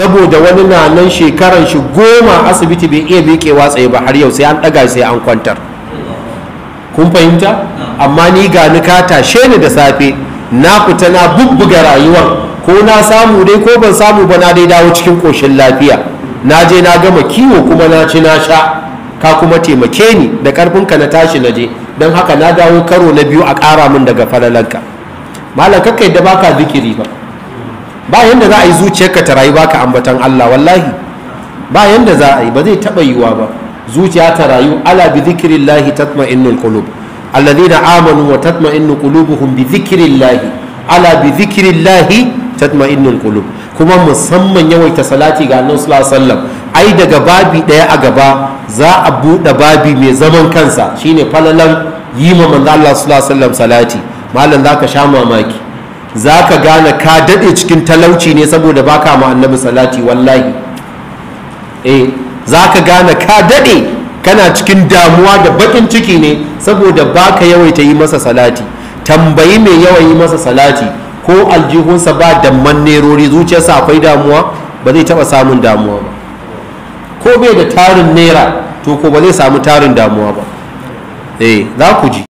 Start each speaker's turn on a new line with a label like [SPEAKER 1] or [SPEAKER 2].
[SPEAKER 1] saboda wani na nan shekaran shi goma asibiti bai iya miƙewa tsaye ba har yau sai an ɗaga sai an kwantar kun fahimta amma ni ga ni ka tashe ni da safe na fita na bubbuga rayuwar ko na samu dai ko ban samu ba na dai dawo cikin koshin lafiya na je na gama kiwo kuma na ci na sha ka kuma taimake ni da karfin ka na tashi na je don haka na dawo karo na biyu a ƙara min daga falalanka malam kai da baka zikiri ba ba yanda za a yi zuciyarka ta rayu baka ambatan Allah wallahi ba yanda za a yi ba zai taba yiwa ba zuciya ta rayu ala bi zikrillahi tatma'innul qulub alladhina amanu wa tatma'innu qulubuhum bi zikrillahi ala bi zikrillahi tatma'innul qulub kuma musamman yawaita salati ga annabi sallallahu alaihi wasallam ai daga babi daya a gaba za a buɗe babi mai zaman kansa shine falalan yi ma manzo Allah sallallahu alaihi salati malam zaka sha mamaki za ka gane ka daɗe cikin talauci ne saboda baka ma annabi salati wallahi eh za ka gane ka daɗe kana cikin damuwa da baƙin ciki ne saboda baka yawaita yi masa salati tambayi mai yawa yi masa salati ko aljihunsa ba da mannerori zuciyarsa akwai damuwa ba zai taɓa samun damuwa ba ko bai da tarin naira to ko ba zai samu tarin damuwa ba eh za ku ji